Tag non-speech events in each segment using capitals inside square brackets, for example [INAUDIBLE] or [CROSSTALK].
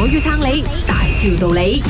我要撐你，大條道理。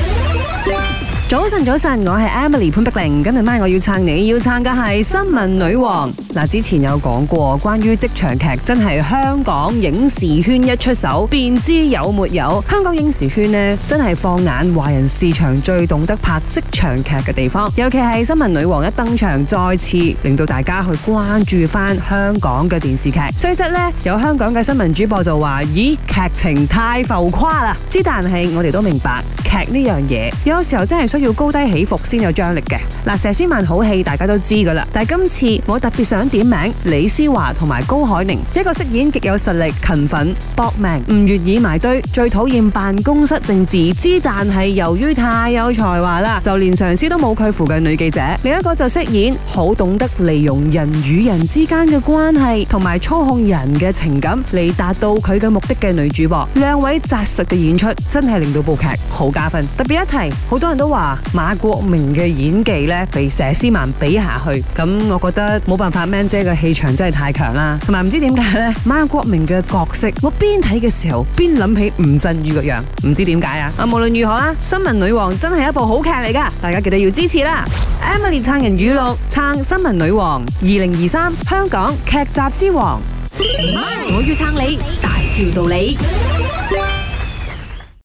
早晨，早晨，我係 Emily 潘碧玲，今日晚我要撐你要撐嘅係《新聞女王》。嗱，之前有講過關於職場劇，真係香港影視圈一出手便知有沒有。香港影視圈咧，真係放眼華人市場最懂得拍職場劇嘅地方，尤其係《新聞女王》一登場，再次令到大家去關注翻香港嘅電視劇。雖則咧，有香港嘅新聞主播就話：咦，劇情太浮誇啦！之，但係我哋都明白劇呢樣嘢，有時候真係需要高低起伏先有張力嘅，嗱，佘詩曼好戲，大家都知㗎喇。但係今次我特別想點名李施嬅同埋高海寧，一個飾演極有實力、勤奮搏命、唔願意埋堆、最討厭辦公室政治，之但係由於太有才華啦，就連上司都冇佢符嘅女記者。另一個就飾演好懂得利用人與人之間嘅關係，同埋操控人嘅情感嚟達到佢嘅目的嘅女主播。兩位紮實嘅演出真係令到部劇好加分。特別一提，好多人都話。馬國明嘅演技咧，被佘詩曼比下去，咁我覺得冇辦法。Man 姐嘅氣場真係太強啦，同埋唔知點解呢？馬國明嘅角色，我邊睇嘅時候邊諗起吳鎮宇個樣，唔知點解啊！啊，無論如何啊，《新聞女王》真係一部好劇嚟噶，大家記得要支持啦。 [MUSIC] Emily 撐人語錄，撐《新聞女王》二零二三香港劇集之王，我要撐你，大條道理。